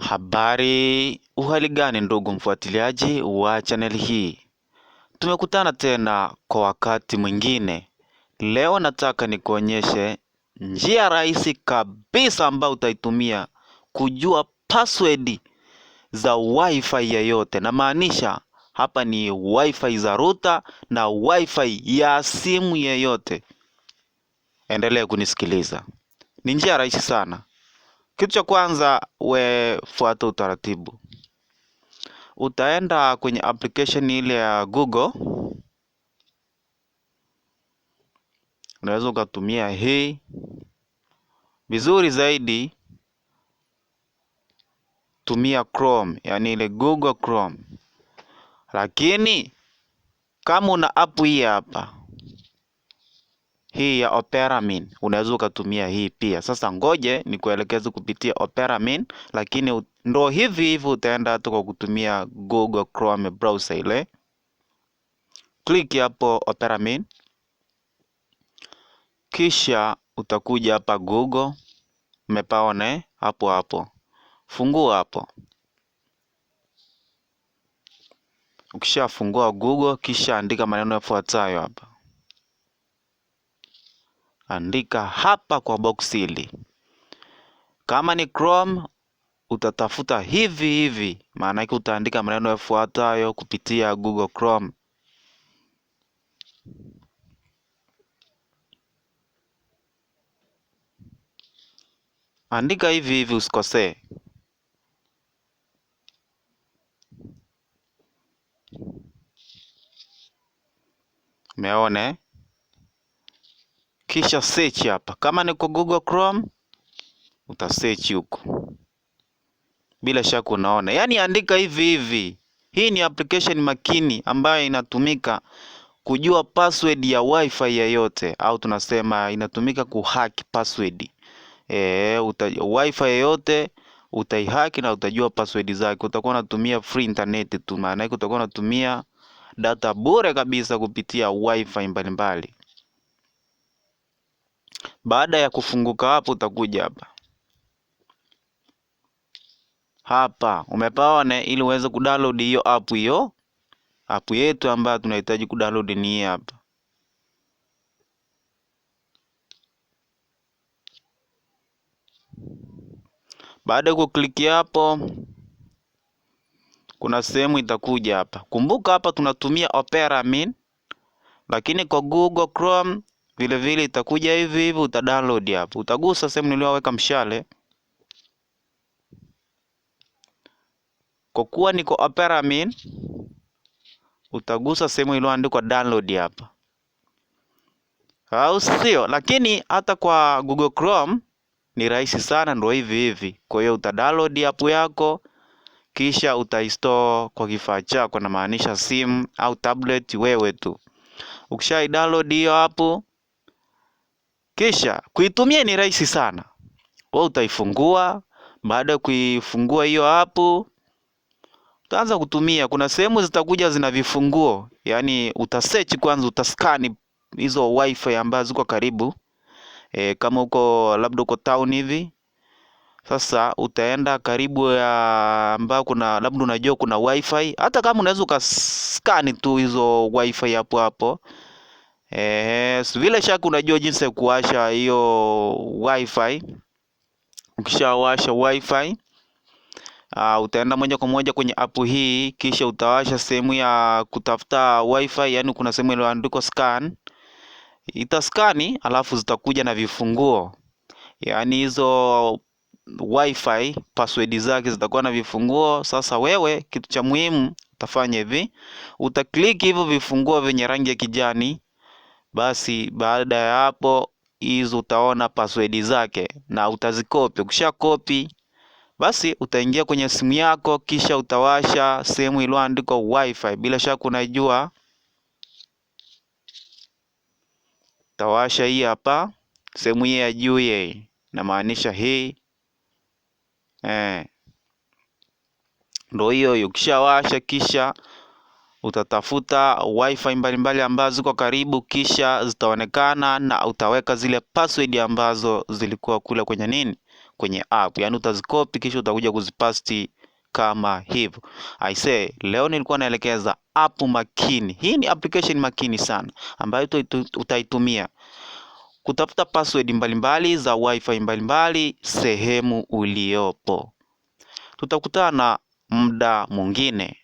Habari, uhali gani ndugu mfuatiliaji wa chaneli hii, tumekutana tena kwa wakati mwingine. Leo nataka nikuonyeshe njia rahisi kabisa ambayo utaitumia kujua password za wifi yeyote, na maanisha hapa ni wifi za router na wifi ya simu yeyote. Endelee kunisikiliza, ni njia rahisi sana. Kitu cha kwanza we fuata utaratibu. Utaenda kwenye application ile ya Google. Unaweza ukatumia hii vizuri zaidi, tumia Chrome, yani ile Google Chrome. Lakini kama una app hii hapa hii ya Operamin unaweza ukatumia hii pia. Sasa ngoje ni kuelekeza kupitia Operamin, lakini ndo hivi hivi utaenda hata kwa kutumia Google Chrome browser ile. Click hapo Operamin, kisha utakuja hapa Google mepaone eh? hapo hapo, fungua hapo. Ukishafungua Google, kisha andika maneno yafuatayo hapa andika hapa kwa box hili. Kama ni Chrome utatafuta hivi hivi, maanake utaandika maneno yafuatayo kupitia Google Chrome. Andika hivi hivi usikosee. Umeona? Eh? kisha search hapa, kama ni kwa Google Chrome uta search huko, bila shaka unaona, yaani andika hivi hivi. Hii ni application makini ambayo inatumika kujua password ya wifi yeyote, au tunasema inatumika kuhack password e, uta, wifi yeyote utaihaki na utajua password zake. Utakuwa unatumia free internet tu, maana yake utakuwa unatumia data bure kabisa kupitia wifi mbalimbali. mbali. Baada ya kufunguka hapo utakuja hapa hapa, umepaona, ili uweze kudownload hiyo app. Hiyo app yetu ambayo tunahitaji kudownload ni hii hapa. Baada ya kukliki hapo, kuna sehemu itakuja hapa. Kumbuka hapa tunatumia Opera Mini, lakini kwa Google Chrome vile vile itakuja hivi hivi, uta download hapo, utagusa sehemu niliyoweka mshale. Kwa kuwa niko aperamin, utagusa sehemu iliyoandikwa download hapa, au sio? Lakini hata kwa Google Chrome ni rahisi sana, ndio hivi hivi. Kwa hiyo uta download app yako kisha utaistore kwa kifaa chako, namaanisha simu au tablet, wewe tu. Ukishai download hiyo hapo kisha kuitumia ni rahisi sana. Wewe utaifungua, baada ya kuifungua hiyo hapo utaanza kutumia. Kuna sehemu zitakuja zina vifunguo, yaani utasearch kwanza, utaskani hizo wifi ambazo ziko karibu e, kama uko labda uko town hivi sasa utaenda karibu ya ambao kuna labda unajua kuna wifi, hata kama unaweza ukaskani tu hizo wifi hapo hapo. Eh, bila shaka unajua jinsi ya kuwasha hiyo wifi. Ukishawasha wifi uh, utaenda moja kwa moja kwenye app hii, kisha utawasha sehemu ya kutafuta wifi, yani kuna sehemu iliyoandikwa scan, itaskani alafu zitakuja na vifunguo, yani hizo wifi password zake zitakuwa na vifunguo. Sasa wewe, kitu cha muhimu utafanya hivi, utaklik hivyo vifunguo vyenye rangi ya kijani basi baada ya hapo hizo utaona password zake na utazikopi. Ukisha kopi basi utaingia kwenye simu yako, kisha utawasha sehemu iliyoandikwa wifi. Bila shaka unajua, utawasha hii hapa sehemu hii ya juu, yeye namaanisha hii eh, ndo hiyo hiyo. Ukishawasha kisha utatafuta wifi mbalimbali mbali ambazo ziko karibu, kisha zitaonekana na utaweka zile password ambazo zilikuwa kule kwenye nini, kwenye app, Yani utazikopi kisha utakuja kuzipasti kama hivyo. I say leo nilikuwa naelekeza app makini. Hii ni application makini sana ambayo utaitumia kutafuta password mbalimbali mbali za wifi mbalimbali mbali, sehemu uliopo. Tutakutana muda mwingine.